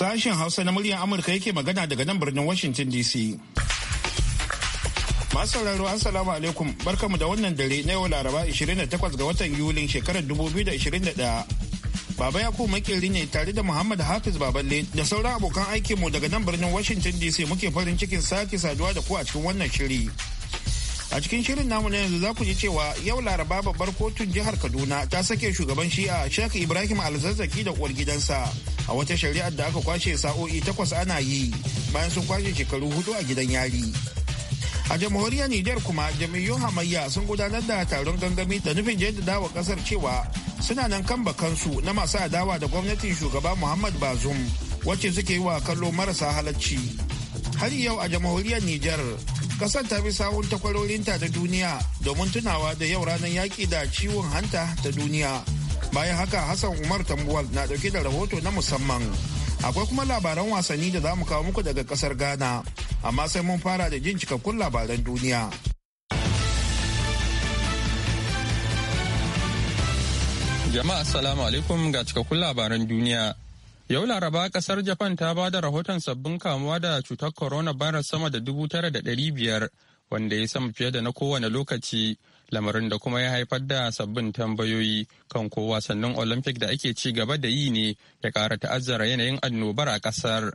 Sashen Hausa na muryar Amurka yake magana daga nan birnin Washington DC. Masu sauraro Assalamu alaikum barkamu da wannan dare na yau Laraba 28 ga watan Yulin shekarar 2021. Baba Yakubu makeri ne tare da Muhammad Hafiz Baballe da sauran abokan aikinmu daga nan birnin Washington DC muke farin cikin sake saduwa da ku a cikin wannan shiri. a cikin shirin namu na yanzu za ku ji cewa yau laraba babbar kotun jihar kaduna ta sake shugaban shi'a sheikh ibrahim alzazzaki da uwar gidansa a wata shari'ar da aka kwashe sa'o'i takwas ana yi bayan sun kwashe shekaru hudu a gidan yari a jamhuriyar nijar kuma jamiu hamayya sun gudanar da taron gangami da nufin jaddada dawa kasar cewa suna nan kan bakansu na masu adawa da gwamnatin shugaba muhammad bazum wacce suke yi wa kallo marasa halacci har yau a jamhuriyar nijar Kasar ta bi sawun takwarorinta da duniya domin tunawa da yau ranar yaƙi da ciwon hanta ta duniya. Bayan haka Hassan Umar Tambuwal na ɗauke da rahoto na musamman. Akwai kuma labaran wasanni da za mu kawo muku daga kasar Ghana, amma sai mun fara da jin cikakkun labaran duniya. Jama'a Assalamu alaikum ga cikakkun labaran duniya. Yau Laraba kasar Japan ta ba da rahoton sabbin kamuwa da cutar coronavirus sama da dubu tara da ɗari biyar wanda ya sama fiye da na kowane lokaci lamarin da kuma ya haifar da sabbin tambayoyi kan ko wasannin Olympic da ake ci gaba da yi ne ya kara ta'azzara yanayin annobar a ƙasar.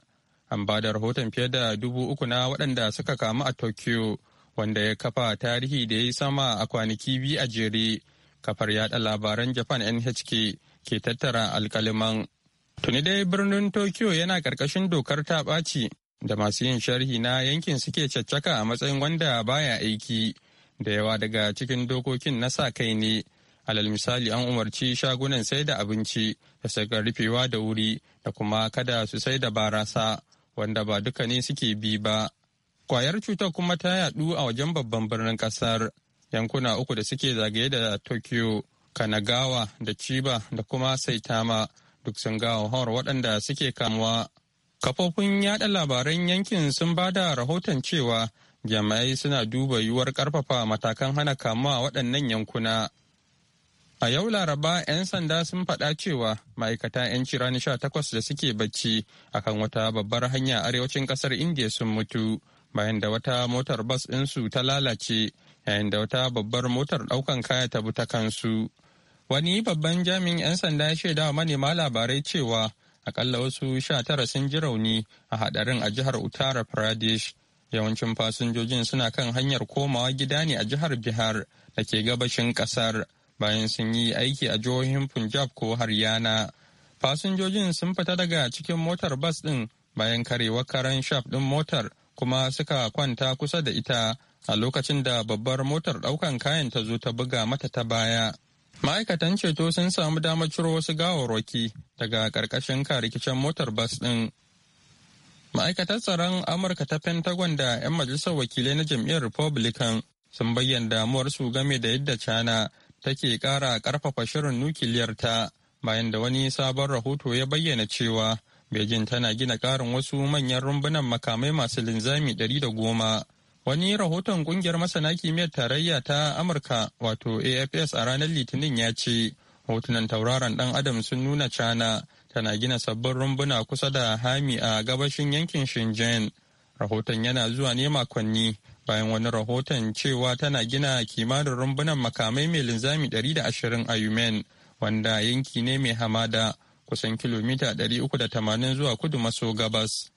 An ba da rahoton fiye da dubu uku na waɗanda suka kamu a Tokyo wanda ya kafa tarihi da ya yi sama a kwanaki biyu a jere. Kafar yaɗa labaran Japan NHK ke tattara alkaliman Tuni dai birnin Tokyo yana ƙarƙashin dokar ta ɓaci da masu yin sharhi na yankin suke caccaka a matsayin wanda baya aiki. Da yawa daga cikin dokokin na sa kai ne, alal misali an umarci shagunan sai da abinci da sakar rufewa da wuri da kuma kada su sai da barasa wanda ba duka ne suke bi ba. Kwayar cutar kuma ta yadu a wajen babban birnin kasar yankuna uku da suke zagaye da Tokyo, Kanagawa da Chiba da kuma Saitama. duk sun ga hauhawar waɗanda suke kamuwa. Kafofin yaɗa labaran yankin sun ba da rahoton cewa jami'ai suna duba yiwuwar ƙarfafa matakan hana kamuwa waɗannan yankuna. A yau Laraba 'yan sanda sun faɗa cewa ma'aikata 'yanci ranar sha takwas da suke bacci akan wata babbar hanya arewacin ƙasar Indiya sun mutu bayan da wata motar bas ɗinsu ta lalace yayin da wata babbar motar ɗaukan kaya ta bi ta kansu. Wani babban jami'in 'yan sanda ya shaidawa manema labarai cewa akalla wasu sha tara sun ji rauni a hadarin a jihar Uttara Pradesh. Yawancin fasinjojin suna kan hanyar komawa gida ne a jihar Bihar da ke gabashin kasar bayan sun yi aiki a jihohin Punjab ko Haryana. Fasinjojin sun fita daga cikin motar bas ɗin bayan karewa karan shaf ɗin motar kuma suka kwanta kusa da ita a lokacin da babbar motar ɗaukan kayan ta zo ta buga mata ta baya. ma'aikatan ceto sun samu damar ciro wasu gawarwaki daga ƙarƙashin ka rikicin motar bas ɗin ma'aikatar tsaron amurka ta pentagon da 'yan majalisar wakilai na jam'iyyar republican sun bayyana damuwar su game da yadda china take ƙara ƙarfafa shirin nukiliyar ta bayan da wani sabon rahoto ya bayyana cewa beijing tana gina ƙarin wasu manyan rumbunan makamai masu linzami ɗari Wani rahoton kungiyar masana kimiyyar tarayya ta Amurka wato AFS a ranar Litinin ya ce hotunan tauraron ɗan adam sun nuna cana tana gina sabbin rumbuna kusa da hami a gabashin yankin Shenzhen. Rahoton yana zuwa ne makonni bayan wani rahoton cewa tana gina kimanin rumbunan makamai mai linzami 120 a Yumen wanda yanki ne mai hamada kusan kilomita 380 zuwa kudu maso gabas.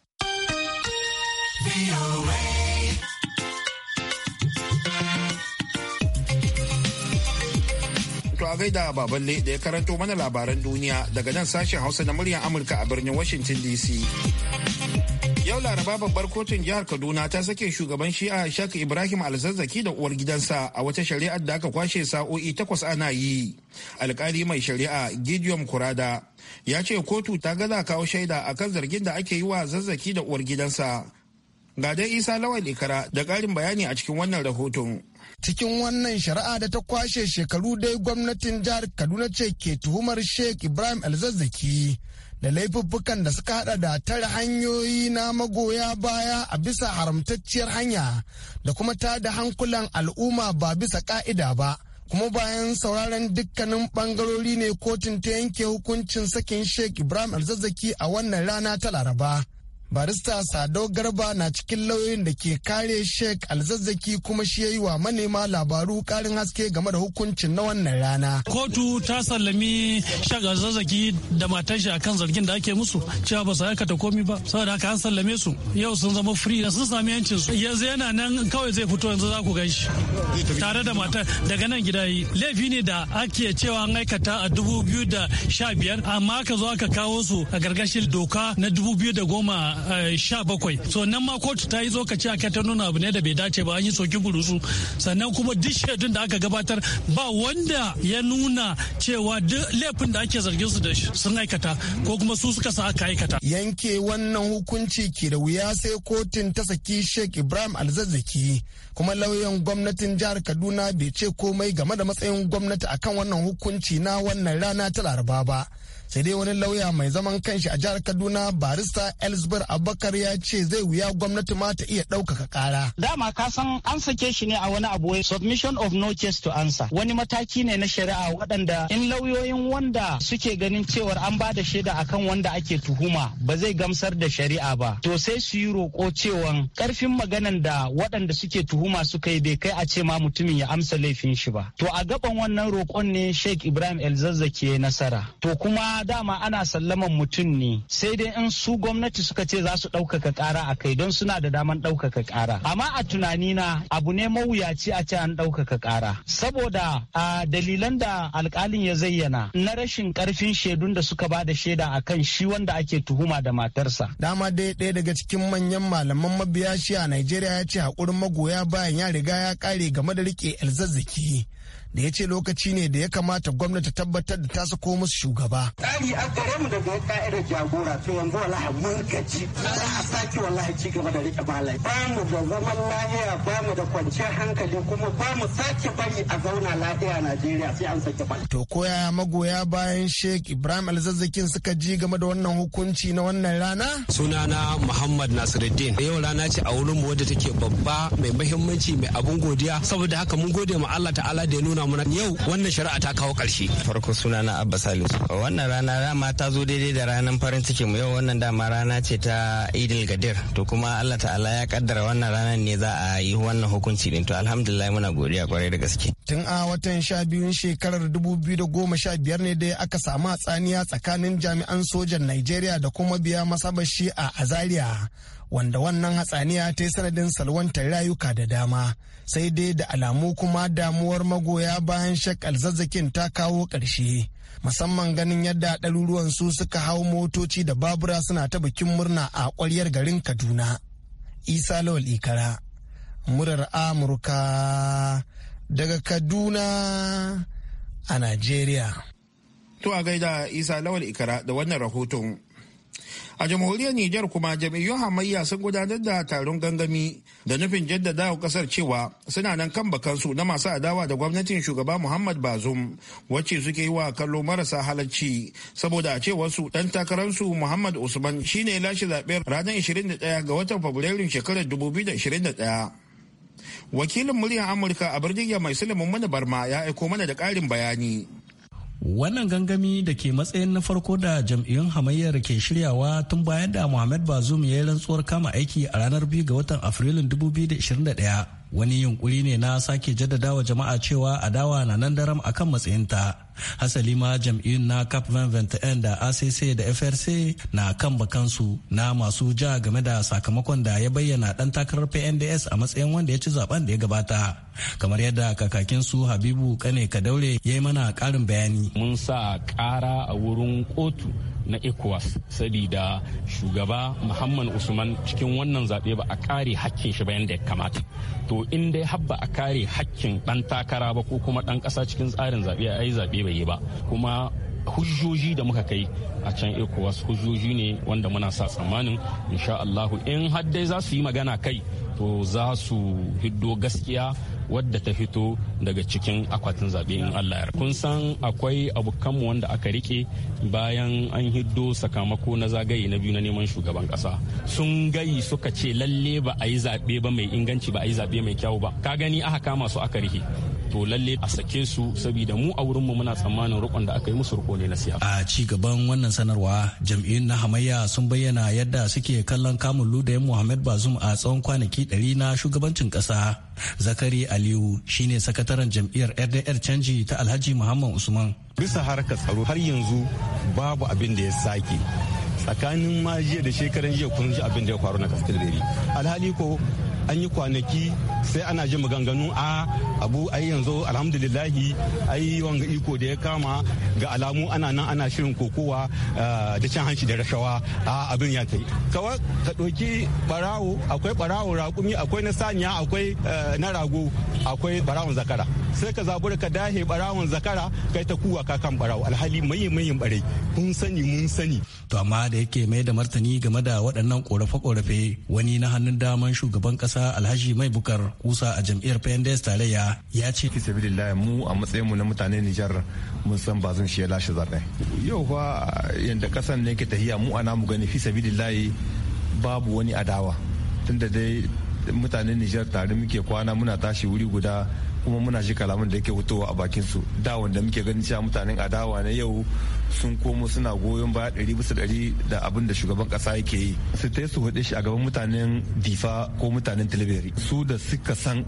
a gaida baballe da ya karanto mana labaran duniya daga nan sashen Hausa na muryar Amurka a birnin Washington DC. Yau Laraba babbar kotun jihar Kaduna ta sake shugaban shi'a Shak Ibrahim Alzazzaki da uwar gidansa a wata shari'ar da aka kwashe sa'o'i takwas ana yi. Alkali mai shari'a Gideon Kurada ya ce kotu ta gaza kawo shaida kan zargin da ake yi wa zazzaki da uwar gidansa. Ga dai Isa Lawal Ikara da karin bayani a cikin wannan rahoton. cikin wannan shari'a da ta kwashe shekaru dai gwamnatin jihar kaduna ce ke tuhumar sheikh ibrahim alzazzaki da laifuffukan da suka hada da tare hanyoyi na magoya baya a bisa haramtacciyar hanya da kuma ta da hankulan al'umma ba bisa ka'ida ba kuma bayan sauraron dukkanin bangarori ne kotun ta yanke hukuncin sakin sheikh ibrahim alzazzaki a wannan rana ta laraba barista sado garba na cikin lauyoyin da ke kare sheik alzazzaki kuma shi ya yi wa manema labaru karin haske game da hukuncin na wannan rana kotu ta sallami sheik alzazzaki da matan shi akan zargin da ake musu cewa ba su aikata komi ba saboda haka an sallame su yau sun zama free sun sami yancin su yanzu yana nan kawai zai fito yanzu za ku gan shi tare da matar daga nan gida yi laifi ne da ake cewa an aikata a dubu biyu da sha biyar amma ka zo aka kawo su a gargashin doka na dubu biyu da goma sha bakwai so nan ma kotu ta yi zokaci a kai ta nuna abu ne da bai dace ba an yi soki burusu sannan kuma duk shaidun da aka gabatar ba wanda ya nuna cewa duk laifin da ake zargin su da sun aikata ko kuma su suka sa aka aikata yanke wannan hukunci ke da wuya sai kotun ta saki sheikh ibrahim alzazzaki kuma lauyan gwamnatin jihar kaduna bai ce komai game da matsayin gwamnati akan wannan hukunci na wannan rana ta laraba ba sai dai wani lauya mai zaman kanshi a jihar kaduna barista elsbar abakar ya ce zai wuya gwamnati ma ta iya ɗaukaka ƙara. dama ka san an sake shi ne a wani abu submission of no case to answer wani mataki ne na shari'a waɗanda in lauyoyin wanda suke ganin cewar an ba da shaida akan wanda ake tuhuma ba zai gamsar da shari'a ba to sai su yi roƙo cewan ƙarfin maganan da waɗanda suke tuhuma suka yi bai kai a ce ma mutumin ya amsa laifin shi ba to a gaban wannan roƙon ne sheikh ibrahim elzazzaki ya nasara to kuma dama ana sallaman mutum ne sai dai in su gwamnati suka ce za su ɗaukaka ƙara a kai don suna da daman ɗaukaka ƙara amma a tunanina abu ne mawuyaci a ce an ɗaukaka ƙara saboda a dalilan da alkalin ya zayyana na rashin ƙarfin shaidun da suka ba da shaida a kan shi wanda ake tuhuma da matarsa dama dai ɗaya daga cikin manyan malaman mabiya shi a najeriya ya ce haƙurin magoya bayan ya riga ya kare game da riƙe alzazzaki da ya ce lokaci ne da ya kamata gwamnati tabbatar da ta sako musu shugaba. Tsari an gare mu daga ka'idar jagora to yanzu wallahi mun gaji za a sake wallahi ci gaba da rike malai. Ba mu da zaman lahiya ba mu da kwanciyar hankali kuma ba mu sake bari a zauna lahiya Najeriya sai an sake bari. To yaya magoya bayan Sheikh Ibrahim Alzazzakin suka ji game da wannan hukunci na wannan rana? Sunana Muhammad Nasiruddin. Yau rana ce a wurin mu wadda take babba mai muhimmanci mai abun godiya saboda haka mun gode ma Allah ta'ala da ya nuna nuna mana yau wannan shari'a ta kawo ƙarshe. Farko suna na Abba Salisu. Wannan rana dama ta zo daidai da ranar farin ciki mu yau wannan dama rana ce ta Idil Gadir. To kuma Allah ta'ala ya kaddara wannan ranar ne za a yi wannan hukunci din. To alhamdulillah muna godiya kwarai da gaske. Tun a watan sha biyun shekarar dubu biyu da goma sha biyar ne dai aka samu hatsaniya tsakanin jami'an sojan Najeriya da kuma biya masabar a Zaria. wanda wannan hatsaniya ta yi sanadin salwantar rayuka da dama sai dai da alamu kuma damuwar magoya bayan shakal zazzakin ta kawo ƙarshe musamman ganin yadda ɗaruruwan su suka hau motoci da babura suna ta bikin murna a ƙwaryar garin kaduna isa lawal ikara murar amurka daga kaduna a najeriya to a gaida isa lawal ikara da wannan rahoton A jamhuriyar Nijar kuma jam'iyyun hamayya sun gudanar da taron gangami da nufin jaddada wa kasar cewa suna nan kan bakansu na masu adawa da gwamnatin shugaba Muhammad Bazum wacce suke yi wa kallo marasa halarci saboda a cewarsu dan takararsu Muhammad Usman shine lashe zaɓen ranar 21 ga watan Fabrairun shekarar 2021. wakilin muryar amurka a birnin mai sulaiman mana barma ya aiko mana da karin bayani wannan gangami da ke matsayin na farko da jam'iyyun hamayyar ke shiryawa tun bayan da muhammad Bazoum ya yi rantsuwar kama aiki a ranar 2 ga watan afrilun 2021 wani yunkuri ne na sake jaddadawa jama'a cewa adawa na nan daram akan matsayinta hasali ma jam'iyyun na cap 21 da acc da frc na kan bakansu na masu ja game da sakamakon da ya bayyana dan takarar pnds a matsayin wanda ya ci zaben da ya gabata kamar yadda kakakin su habibu kane kadaure ya yi mana karin bayani mun sa kara a wurin kotu na ecowas sabida shugaba muhammad usman cikin wannan zaɓe ba a kare hakkin shi ba yadda ya kamata to in dai har a kare hakkin ɗan takara ba ko kuma ɗan ƙasa cikin tsarin zaɓe a yi zaɓe bai yi ba kuma hujjoji da muka kai a can ecowas hujjoji ne wanda muna sa tsammanin insha in har dai za su yi magana kai to za su hiddo gaskiya wadda ta fito daga cikin akwatin zaɓe in Allah ya kun san akwai abokanmu wanda aka rike bayan an hiddo sakamako na zagaye na biyu na neman shugaban ƙasa sun gayi suka ce lalle ba a yi zaɓe ba mai inganci ba a yi zaɓe mai kyau ba ka gani aka kama su aka rike to lalle a sake su saboda mu a wurinmu muna tsammanin rukon da aka yi musu ruko na siya. A ci gaban wannan sanarwa jam'iyyun na hamayya sun bayyana yadda suke kallon kamun ludayen Muhammad Bazum a tsawon kwanaki ɗari na shugabancin ƙasa. Zakari Aliyu shine sakataren jam'iyyar RDR canji ta Alhaji Muhammad Usman. Bisa harkar tsaro har yanzu babu abin da ya sake. tsakanin ma jiya da shekaran jiya kun ji abin da ya faru na kastilberi alhali ko an yi kwanaki sai ana jin maganganu a abu ai yanzu alhamdulillahi ai wanga iko da ya kama ga alamu ana nan ana shirin kokowa eh, da cin hanci da rashawa a abin ya kai kawai ka ɗauki barawo akwai barawo raƙumi akwai na saniya akwai eh, na rago akwai barawon zakara sai ka zabura ka dahe barawon zakara kai ta kuwa ka kan barawo alhali mai mayin barai kun sani mun sani to amma da yake mai da martani game da waɗannan ƙorafe-ƙorafe wani na hannun daman shugaban ƙasa Musa Alhaji Mai Bukar kusa a jam'iyyar PNDS tarayya ya ce. Fisabilillah mu a matsayinmu na mutanen Nijar mun san ba zan shi ya lashe zaɓe. Yau fa yadda kasan ne ke tahiya mu ana mu gani fisabilillah babu wani adawa tunda dai mutanen nijar tare muke kwana muna tashi wuri guda kuma muna shi kalaman da yake hutowa a bakin su da wanda muke ganin cewa mutanen adawa na yau sun komo suna goyon baya ɗari bisa ɗari da abin da shugaban kasa yake yi su ta su hudu shi a gaban mutanen difa ko mutanen tilberi su da suka san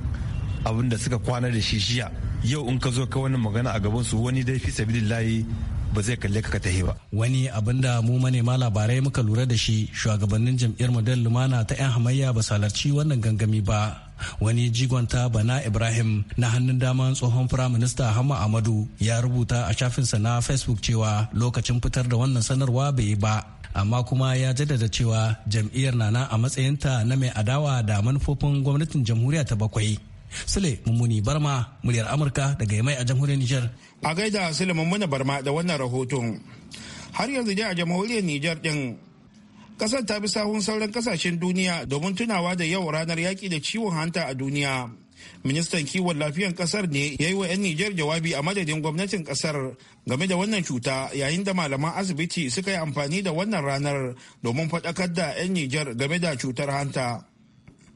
abin da suka kwana da shi jiya yau in ka zo ka wani magana a gaban su wani dai fi sabidin layi. ba zai kalle ka tahi ba wani abin da mu manema labarai muka lura da shi shugabannin jam'iyyar model lumana ta yan hamayya ba salarci wannan gangami ba wani jigonta bana ibrahim na hannun daman tsohon firaminista hama amadu ya rubuta a shafinsa na facebook cewa lokacin fitar da wannan sanarwa bai yi ba amma kuma ya jaddada cewa jam'iyyar nana a matsayinta na mai adawa da manufofin gwamnatin jamhuriya ta bakwai sule mummuni barma muryar amurka daga yamai a jamhuriyar Nijar. A gaida Suleiman Muna Barma da wannan rahoton. Har yanzu dai a jamhuriyar Nijar din kasar ta bi sahun sauran kasashen duniya domin tunawa da yau ranar yaƙi da ciwon hanta a duniya. Ministan kiwon lafiyan kasar ne ya yi wa 'yan Nijar jawabi a madadin gwamnatin kasar game da wannan cuta yayin da malaman asibiti suka yi amfani da wannan ranar domin faɗakar da 'yan Nijar game da cutar hanta.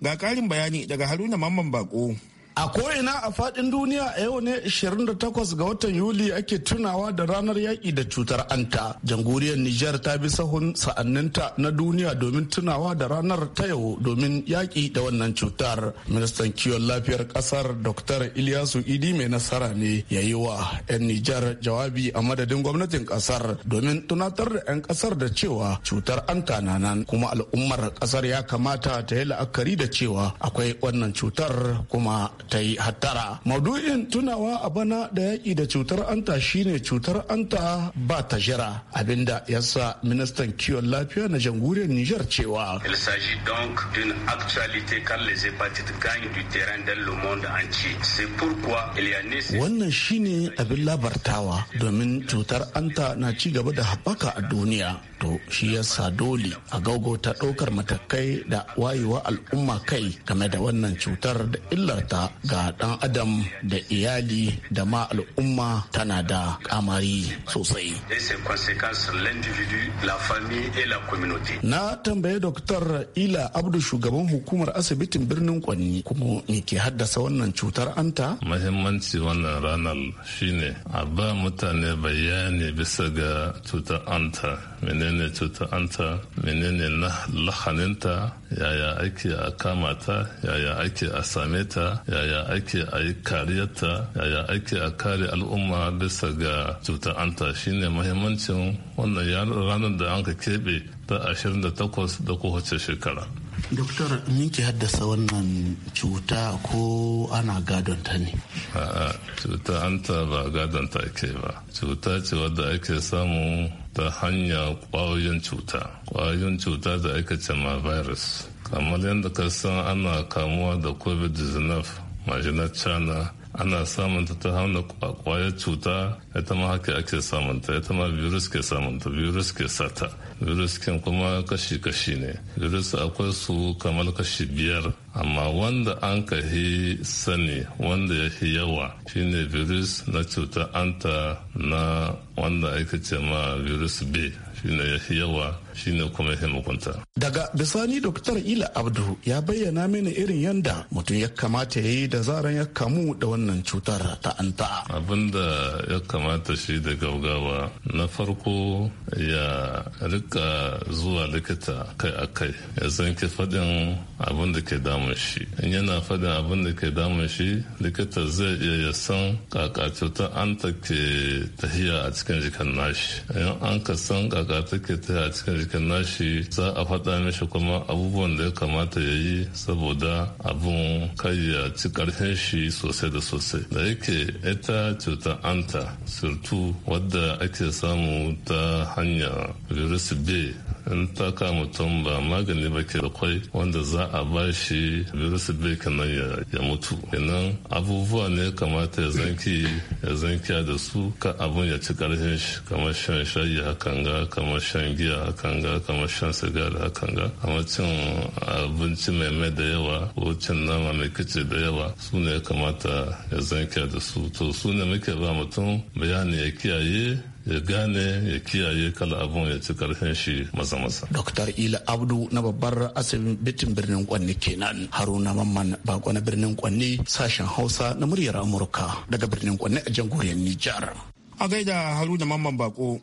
Ga ƙarin bayani daga Haruna Mamman Bako. A ina a faɗin duniya a yau ne 28 ga watan Yuli ake tunawa da ranar yaƙi da cutar anta. Jamhuriyar Nijar ta bi sahun sa'anninta na duniya domin tunawa da ranar ta yau domin yaƙi da wannan cutar. Ministan kiwon lafiyar ƙasar Dr. Ilyasu Idi mai nasara ne ya yi wa 'yan Nijar jawabi a madadin gwamnatin ƙasar domin tunatar da 'yan ƙasar da cewa cutar anta na nan kuma al'ummar ƙasar ya kamata ta yi la'akari da cewa akwai wannan cutar kuma ta yi hattara. Maudu'in tunawa a bana da yaƙi da cutar anta shine cutar anta ba ta jira abinda ya sa ministan kiwon lafiya na jamhuriyar Nijar cewa. Il s'agit donc d'une actualité car les hépatites gagnent du terrain dans le monde entier. C'est pourquoi il y a nécessité. Wannan shine abin labartawa domin cutar anta na ci gaba da haɓaka a duniya. to shi yasa dole a ta ɗaukar matakai da wayewa al'umma kai game da wannan cutar da illarta ga ɗan adam da iyali da ma al'umma tana da kamari sosai. Na tambaye Dr. Ila Abdu shugaban hukumar asibitin birnin Kwanni kuma me ke haddasa wannan cutar anta? mahimmanci wannan ranar shine a ba mutane bayani bisa ga cutar anta menene menene cutar anta menene lahaninta yaya ake a kama ta yaya ake a same ta yaya ake a yi kariyarta yaya ake a kare al'umma bisa ga cutar anta shine mahimmancin wannan ranar da an ka keɓe ta 28 da kowace shekara doktor min ke haddasa wannan cuta ko ana gadonta ne a'a cuta anta ba gadonta ake ba cuta ce wadda ake samu ta hanya kwayoyin cuta kwayoyin cuta da aka ce ma virus kamar yadda ka san ana kamuwa da covid-19 majinar china ana samunta ta hana kwayar cuta ita ma haka ake samunta ita ma virus ke samunta virus ke sata virus kin kuma kashi-kashi ne virus akwai su kamar kashi biyar amma wanda an ka sani wanda ya fi yawa shine virus na cuta anta na wanda aka ce ma virus b shine ya fi yawa shine kuma sai mu kunta daga bisani Dr. Ila Abdu ya bayyana mini irin yanda mutum ya kamata ya yi da zaran ya kamu da wannan cutar ta anta abin ya kamata shi da gaugawa na farko ya rika zuwa likita kai a kai ya san ke faɗin abin da ke damun shi in yana faɗin abin da ke damun shi likita zai iya ya san kaka cutar anta ke tahiya a cikin jikin nashi in an ka san kaka take tahiya a cikin kan nashi za a faɗa mishi kuma abubuwan da ya kamata ya yi saboda abun kai ya ci ƙarfin shi sosai da sosai da yake ita cuta anta surtu wadda ake samu ta hanyar virus b in ta ka mutum ba magani ba ke kwai wanda za a ba shi virus bai kanan ya mutu inan abubuwa ne kamata ya zanki ya zankiya da su ka abun ya ci karfin shi kamar shan shayi hakan ga kamar shan giya hakan ga kamar shan sigari hakan ga amma cin abinci mai mai da yawa ko cin nama mai kici da yawa su ne kamata ya zankiya da su to su ne muke ba mutum bayani ya kiyaye ya gane ya kiyaye kala abun ya ci karfin shi maza maza. Dr. Ila Abdu na babbar asibitin birnin Kwanni kenan Haruna Mamman bako na birnin Kwanni sashen Hausa na muryar Amurka daga birnin Kwanni a jamhuriyar Nijar. A gaida Haruna Mamman bako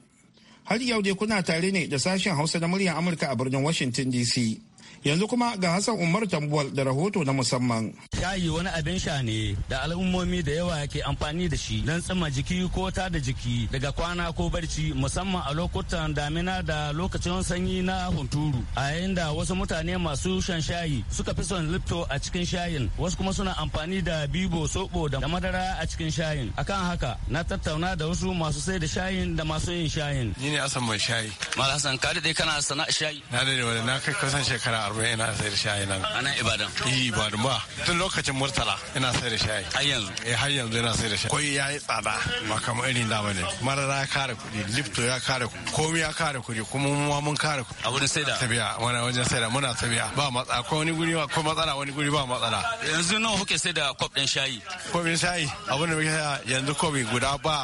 har yau dai kuna tare ne da sashen Hausa na muryar Amurka a birnin Washington DC. yanzu kuma ga hassan umar tambuwal da rahoto na musamman shayi wani abin sha ne da al'ummomi da yawa ke amfani da shi don tsima jiki ko ta da jiki daga kwana ko barci musamman a lokutan damina da lokacin sanyi na hunturu a yayin da wasu mutane masu shan shayi suka fi son lipto a cikin shayin wasu kuma suna amfani da bibo sobo da madara a cikin shayin akan haka na tattauna da wasu masu sai da shayin da masu yin shayin ni ne asan mai shayi mal Hassan ka dade kana sana'a shayi na dade wani na kai kusan shekara arba'in ina sayar shayi nan. A nan Ibadan? Yi eh, Ibadan ba. Tun lokacin Murtala ina sayar shayi. Har yanzu? Eh har yanzu ina sayar shayi. Koi ya yi tsada ba kamar irin da bane. Marara ya kare kuɗi, lifto ya kare kuɗi, komi ya kare kuɗi, kuma mu mun kare kuɗi. A wurin saida? Tabiya, wani wajen saida muna tabiya. Ba matsa, ko wani guri ba, ko matsala wani guri ba matsala. Yanzu nawa kuke saida kwaf ɗin shayi? Kwafin shayi abin da muke saya yanzu kwafi guda ba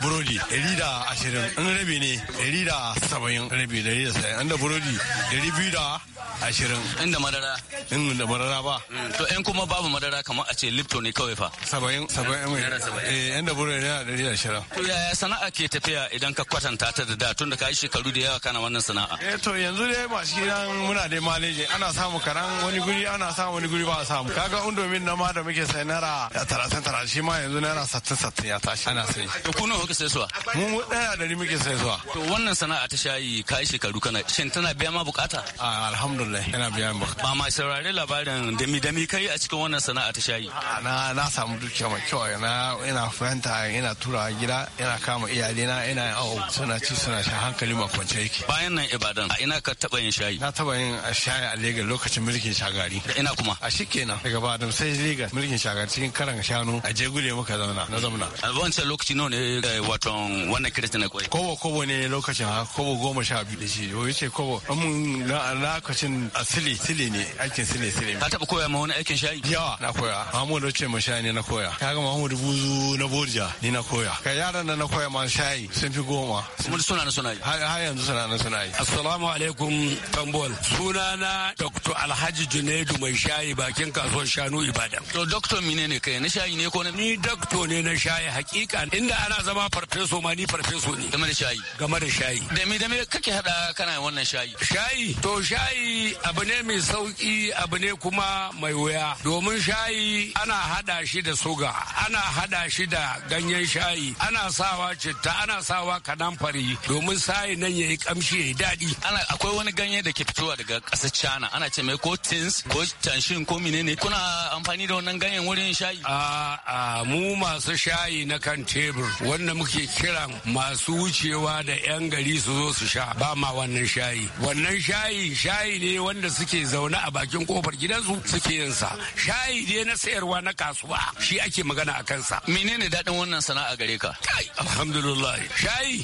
burodi ɗari da ashirin in rabi ne ɗari da saba'in rabi ɗari da saba'in da burodi ɗari biyu da ashirin. ashirin inda madara inda madara ba mm. to yan kuma babu madara kamar a ce lipton ne kawai fa saba'in saba'in mai eh inda buru yana dari to yaya sana'a ke tafiya idan ka kwatanta ta da da tun da ka yi shekaru da yawa kana wannan sana'a eh to yanzu dai shi nan muna dai maleji ana samu karan wani guri ana samu wani guri ba a samu kaga undomin na ma da muke sai naira talatin talatin shi ma yanzu naira sattin sattin ya tashi ana sai to ku hoka sai suwa mu daya dari muke sai suwa to wannan sana'a ta shayi ka yi shekaru kana shin tana biya ma bukata ah, alhamdulillah ana biyan ba ba ma saurari labarin dami dami kai a cikin wannan sana'a ta shayi na na samu dukiya mai kyau ina ina fahimta ina tura gida ina kama iyalina ina yin awo suna ci suna sha hankali ma kwance yake bayan nan ibadan a ina ka taba yin shayi na taba yin shayi a Legas lokacin mulkin shagari da ina kuma a kenan daga Badam sai Legas mulkin shagari cikin karan shanu a jegule muka zauna na zauna a wancan lokaci nawa ne eh, wato wannan kiristi na kwai kobo kobo ne lokacin ha kobo goma sha biyu da shi yace kobo Amma na lokacin sili sili ne aikin sili sili ka taba koya ma wani aikin shayi yawa na koya mahmudu ce ma shayi ne na koya k'a kaga mahmudu buzu na borja ni na koya ka yaran da na koya ma shayi sun fi goma kuma suna na suna yi har yanzu suna na suna yi assalamu alaikum tambol suna na dr alhaji junaidu mai shayi bakin kasuwar shanu ibadan to doctor mine ne kai na shayi ne ko na ni doctor ne na shayi hakika inda ana zama farfeso ma ni farfeso ne game da shayi game da shayi da me da me kake hada kana wannan shayi shayi to shayi abu ne mai sauki abu ne kuma mai wuya domin shayi ana hada shi da suga ana hada shi da ganyen shayi ana sawa citta ana sawa kanamfari domin sayi nan ya yi kamshi yi daɗi ana akwai wani ganye da ke fitowa daga ƙasar China ana ce mai ko tins ko tanshin ko menene kuna amfani da wannan ganyen wurin shayi a a mu masu shayi na kan tebur wanda muke kiran masu wucewa da yan gari su zo su sha ba ma wannan shayi wannan shayi shayi ne wanda suke zaune a bakin kofar gidansu suke yin sa shayi dai na sayarwa na kasuwa shi ake magana a kansa menene daɗin wannan sana'a gare ka kai alhamdulillah shayi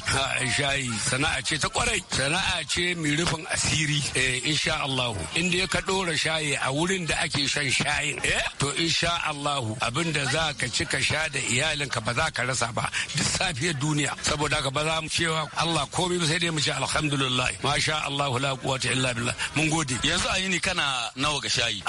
shayi sana'a ce ta kwarai sana'a ce mai rufin asiri eh insha Allah inda ya ka dora shayi a wurin da ake shan shayin eh to insha Allah abinda za ka ci ka sha da iyalinka ba za ka rasa ba duk safiyar duniya saboda ka ba za mu cewa Allah komai sai dai mu ce alhamdulillah masha Allah la quwwata illa billah mun gode yanzu a yini kana nawa ga shayi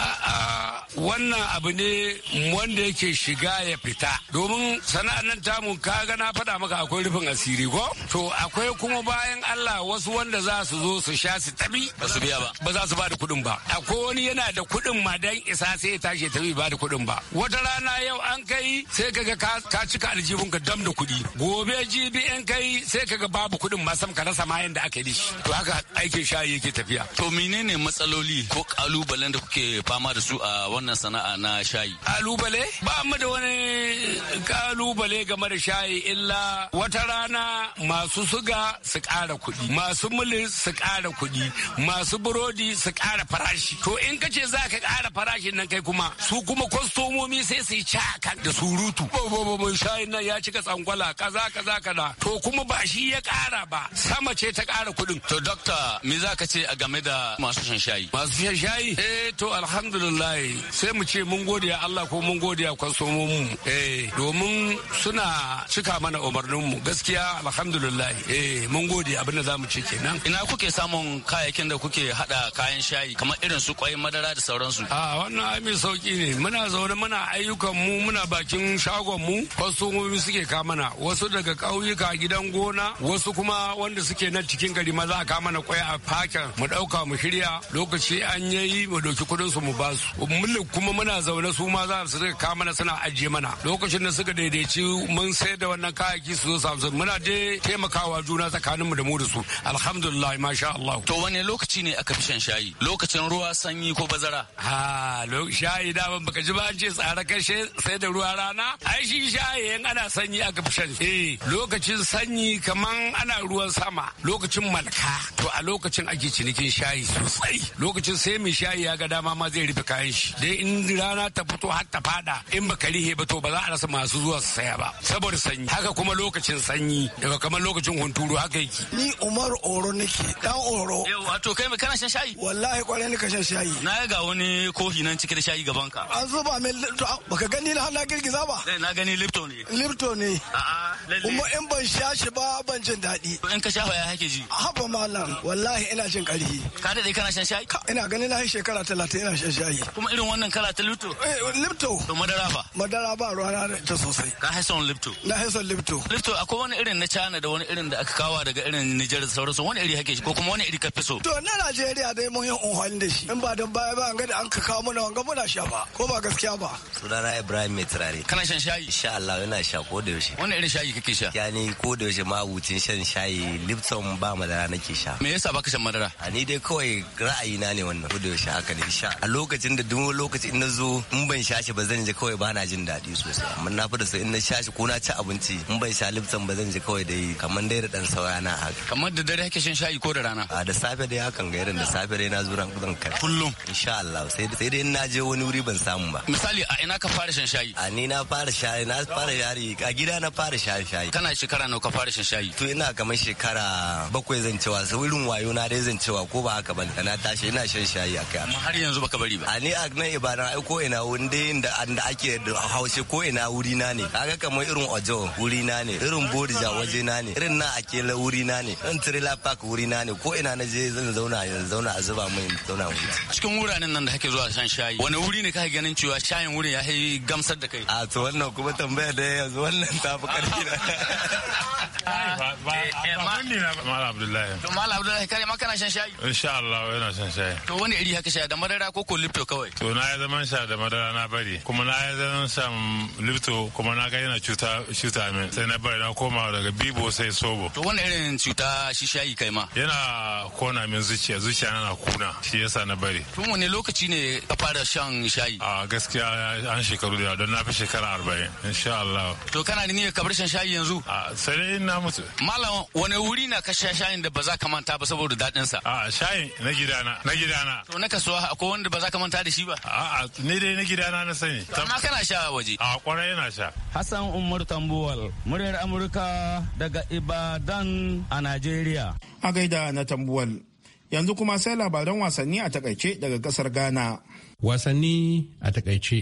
wannan abu ne wanda yake shiga ya fita domin sana'ar nan tamu ka ga na faɗa maka akwai rufin asiri ko to akwai kuma bayan Allah wasu wanda za su zo su sha su tabi ba su biya ba ba za su ba da kuɗin ba akwai wani yana da kuɗin ma dan isa sai ya tashi tabi ba da kuɗin ba wata rana yau an kai sai kaga ka cika aljibin ka dam da kuɗi gobe jibi in kai sai kaga babu kuɗin ma sam ka rasa ma yanda aka yi shi to haka aikin shayi yake tafiya to menene matsaloli ko kalubalen da kuke fama da su a wannan sana'a na shayi. Kalubale? Ba mu da wani kalubale game da shayi illa wata rana masu suga su ƙara kuɗi, masu muli su ƙara kuɗi, masu burodi su ƙara farashi. To in ka ce za ka ƙara farashin nan kai kuma su kuma kwastomomi sai su yi caka da surutu. Babban shayin nan ya cika tsangwala kaza kaza kaza. To kuma ba shi ya ƙara ba sama ce ta ƙara kuɗin. To dokta me za ka ce a game da masu shan shayi? Masu shan shayi? Eh to alhamdulillah sai mu ce mun gode Allah ko mun godiya kwastomomin eh, domin suna cika mana umarninmu gaskiya alhamdulillah eh mun gode abin da zamu ce kenan ina kuke samun kayayyakin da kuke hada kayan shayi kamar irin su kwai madara da sauransu a ah, wannan ai mai sauki ne muna zaune muna ayyukan mu muna bakin shagon mu kwastomomi suke ka mana wasu daga ƙauyuka gidan gona wasu kuma wanda suke nan cikin gari maza za a ka mana kwai a fakin mu dauka mu shirya lokaci an yayi mu doki kudin su mu basu mun kuma muna zaune su ma za su rika mana suna ajiye mana lokacin da suka daidaici mun sayar da wannan kayayyaki su zo samsung muna je taimakawa juna tsakaninmu da mu da su alhamdulillah masha Allah. To wani lokaci ne aka fi shan shayi lokacin ruwa sanyi ko bazara? Ha shayi da ban baka ji ba an ce tsara kashe sai da ruwa rana ai shi shayi yan ana sanyi aka fi shan. Eh lokacin sanyi kaman ana ruwan sama lokacin malka to a lokacin ake cinikin shayi sosai lokacin sai mai shayi ya ga dama ma zai rufe kayan shi. sai in rana ta fito har ta fada in baka rihe ba to ba za a rasa masu zuwa su saya ba saboda sanyi haka kuma lokacin sanyi daga kamar lokacin hunturu haka yake ni Umar Oro nake dan Oro yawa to kai kana shan shayi wallahi kwarai ka shan shayi na ga wani kofi nan cike da shayi gaban ka an zuba mai baka gani na na girgiza ba eh, na gani Lipton ne Lipton ne a'a kuma in ban sha shi ba ban jin daɗi in ka sha ya hake ji haba malam wallahi ina jin karfi ka daɗe kana shan shayi ina ganin na shekara talatin ina shan shayi kuma irin wannan kala ta lipto eh, lipto to madara ba madara ba ruwa na ita sosai ka haisa wani lipto na haison lipto lipto akwai wani irin na china da wani irin da aka kawo daga irin nijar da sauransu wani iri hake shi ko kuma wani iri ka fi so to na najeriya dai mun yi unhwani da shi in ba don baya ba ga da an ka kawo mana wanga muna sha ba ko ba gaskiya ba sunana ibrahim mai turare kana shan shayi insha Allah yana sha ko da yaushe wani irin shayi kake sha Ya ni ko da yaushe ma wucin shan shayi lipton ba madara nake sha me yasa baka shan madara a ni dai kawai ra'ayi na ne wannan ko da yaushe haka ne sha a lokacin da duk wani lokaci in na zo in ban sha shi ba zan je kawai ba na jin daɗi sosai amma na fi da sai in na sha shi ko na ci abinci in ban sha lipton ba zan je kawai dai kamar dai da dan saura na haka kamar da dare kake shan shayi ko da rana a da safe dai hakan ga irin da safe dai na zo ran kudan kai kullum insha Allah sai sai dai in na je wani wuri ban samu ba misali a ina ka fara shan shayi a ni na fara shayi na fara yari a gida na fara shayi shayi kana shekara nawa ka fara shan shayi to ina kamar shekara bakwai zan cewa sai wurin wayo na dai zan cewa ko ba haka ba na tashi ina shan shayi akai har yanzu baka bari ba a ni a nan ba na ko ina wanda yin anda ake da haushe ko ina wuri na ne kaga kamar irin ojo wuri na ne irin borija waje na ne irin na ake la wuri na ne irin trailer park wuri na ne ko ina na je zan zauna yanzu zauna a zuba mai zauna wuri cikin wuraren nan da kake zuwa shan shayi wani wuri ne kake ganin cewa shayin wurin ya yi gamsar da kai a to wannan kuma tambaya da yanzu wannan ta fi karfi na Mala Abdullahi. To Mala Abdullahi kare makana shan shayi? Insha Allah yana shan shayi. To wani iri haka shayi da madara ko ko lipto kawai? To na ya zaman sha da madara na bari kuma na ya zaman shan lifto kuma na gani na cuta cuta min sai na bari na koma daga bibo sai sobo to wani irin cuta shi shayi kai ma yana kona min zuciya zuciya na kuna shi yasa na bari tun wani lokaci ne ka fara shan shayi a gaskiya an shekaru da don na fi shekara arba'in insha Allah to kana da niyyar bar shan shayi yanzu a sai dai na mutu malam wani wuri na ka sha shayin da ba za ka manta ba saboda daɗinsa a shayin na gidana na gidana to na kasuwa akwai wanda ba za ka manta da shi ba A'a ni dai na gida na na sani. Amma kana sha waje. A kwarai yana sha. Hassan Umar Tambuwal, muryar Amurka daga Ibadan a Najeriya. A gaida na Tambuwal. Yanzu kuma sai labaran wasanni a takaice daga kasar Ghana. Wasanni a takaice.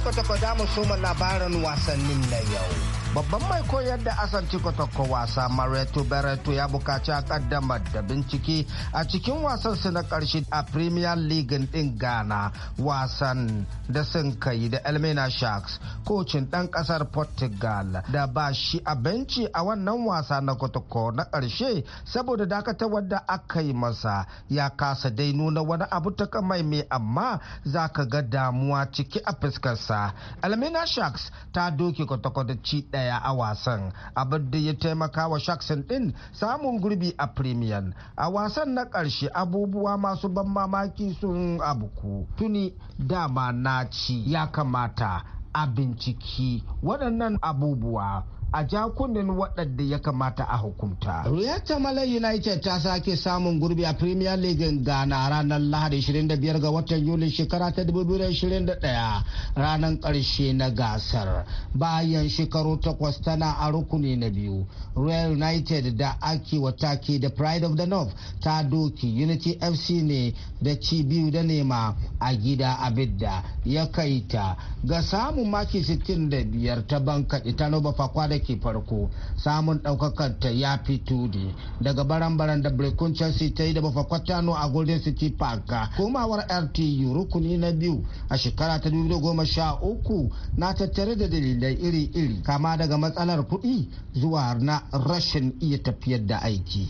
kwata-kwata mu soma labaran wasannin na yau. Babban mai koyar da asanci kwatakwa wasa Mareto Bereto ya bukaci a kaddama da bincike a cikin wasan su na karshe a Premier League din Ghana wasan da sun kai da Elmina Sharks kocin ɗan ƙasar Portugal da ba shi a benci a wannan wasa na kwatakwa na ƙarshe saboda dakata da aka yi masa ya kasa dai nuna wani abu ta kamai mai amma za ka ga damuwa ciki a fuskarsa. Elmina Sharks ta doke da ci daya a wasan abin da ya taimaka wa shaksin ɗin samun gurbi a premium A wasan na ƙarshe abubuwa masu ban mamaki sun abuku. Tuni dama na ci ya kamata a binciki waɗannan abubuwa. a jakunan waɗanda ya kamata a hukunta. Riyata Tamale United ta sake samun gurbi a Premier League Ghana ranar Lahadi 25 ga watan Yuli shekara ta 2021 ranar ƙarshe na gasar. Bayan shekaru takwas tana a rukuni na biyu. Royal United da ake wataki da Pride of the North ta doki Unity FC ne da ci biyu da nema a gida abidda ya kai ta ga samun maki 65 ta banka ita Fakwa da aiki farko samun ɗaukakar ta ya fito ne daga baran-baran da Brekun Chelsea ta yi da bafa kwatano a Golden City Park komawar RTU rukuni na biyu a shekara ta 2013 na tattare da dalilai iri-iri kama daga matsalar kuɗi zuwa na rashin iya tafiyar da aiki.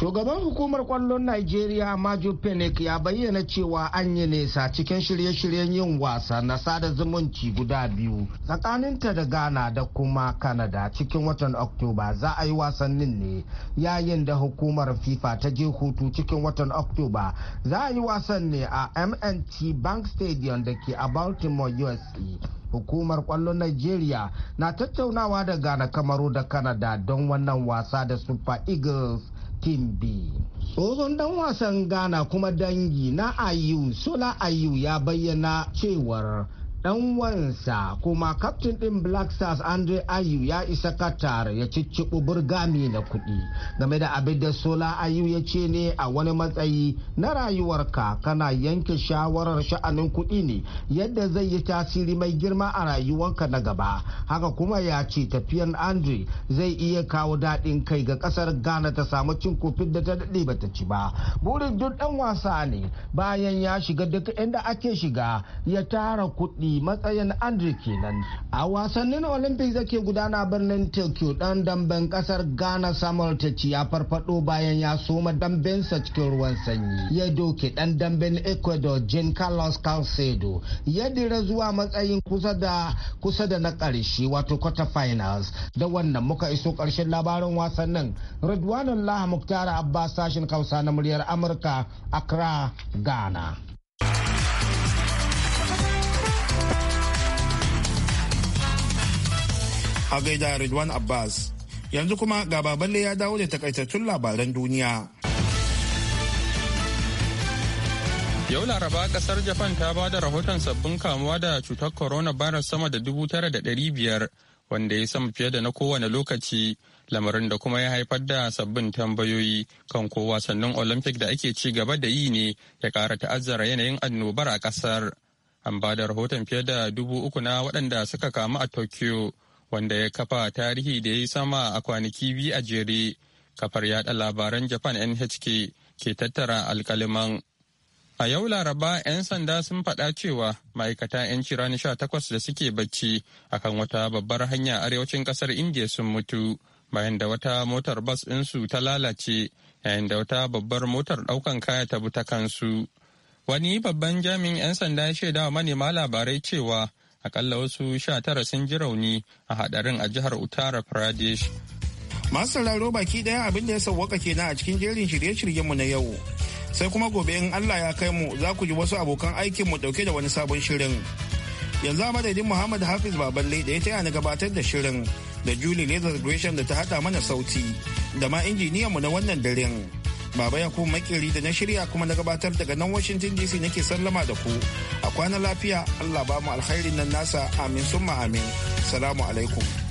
shugaban hukumar kwallon nigeria maju penick ya bayyana cewa an yi nesa cikin shirye-shiryen yin wasa na sada zumunci guda biyu tsakaninta da ghana da kuma canada cikin watan oktoba za a yi wasannin ne yayin da hukumar fifa ta je hutu cikin watan oktoba za a yi wasan ne a mnt bank stadium da ke a baltimore usa hukumar kwallon nigeria na tattaunawa da ghana kamaru da canada don wannan wasa da super eagles Kimbi. Tsohon dan wasan Ghana kuma dangi na Ayu Sola Ayu ya bayyana cewar dan wansa kuma kaftin din black stars andre ayu ya isa qatar ya cicciɓo burgami na kuɗi game da abin da sola ayu ya ce ne a wani matsayi na rayuwarka kana yanke shawarar sha'anin kuɗi ne yadda zai yi tasiri mai girma a rayuwarka na gaba haka kuma ya ce tafiyan andre zai iya kawo daɗin kai ga ƙasar ghana ta samu cin kofin da ta daɗe ba ta ci ba burin duk dan wasa ne bayan ya shiga duk inda ake shiga ya tara kuɗi Kennedy matsayin andre kenan a wasannin olympics da ke gudana birnin tokyo dan damben kasar ghana samuel tachi ya farfado bayan ya soma damben sa cikin ruwan sanyi ya doke dan damben ecuador jean carlos calcedo ya dira zuwa matsayin kusa da kusa da na karshe wato quarter finals da wannan muka iso karshen labarin wasannin ridwanullah muktar abbas sashin kausa na muryar amurka accra ghana A gaida Ridwan Abbas. Yanzu kuma ga baballe ya dawo da takaitattun labaran duniya. Yau Laraba kasar Japan ta ba da rahoton sabbin kamuwa da cutar corona coronavirus sama da dubu tara da ɗari biyar wanda ya sama fiye da na kowane lokaci lamarin da kuma ya haifar da sabbin tambayoyi kan ko wasannin Olympic da ake ci gaba da yi ne ya kara ta'azzara yanayin annobar a ƙasar. An ba da rahoton fiye da dubu uku na waɗanda suka kamu a Tokyo wanda ya kafa tarihi da ya yi sama a kwanaki biyu a jere kafar yada labaran japan nhk ke tattara alkaliman a yau laraba 'yan sanda sun faɗa cewa ma'aikata 'yan cira na takwas da suke bacci akan wata babbar hanya arewacin ƙasar indiya sun mutu bayan da wata motar bas ɗinsu ta lalace yayin da wata babbar motar ɗaukan kaya ta bi ta kansu wani babban jami'in 'yan sanda ya shaida wa manema labarai cewa akalla wasu sha tara sun ji rauni a hadarin a jihar uttara Pradesh. Masu sauraro baki daya abin da ya sauwaka kenan a cikin jerin shirye-shiryenmu na yau. Sai kuma gobe in Allah ya kai mu za ku ji wasu abokan aikin mu dauke da wani sabon shirin. Yanzu a madadin Muhammad Hafiz Baballe da ya taya ni gabatar da shirin da Julie Leather Gresham da ta hada mana sauti da ma injiniyanmu na wannan daren. Baba ya kuma makeri da na shirya kuma na gabatar daga nan Washington DC nake sallama da ku. A kwana lafiya Allah ba mu alkhairin nan nasa amin summa amin. Salamu alaikum.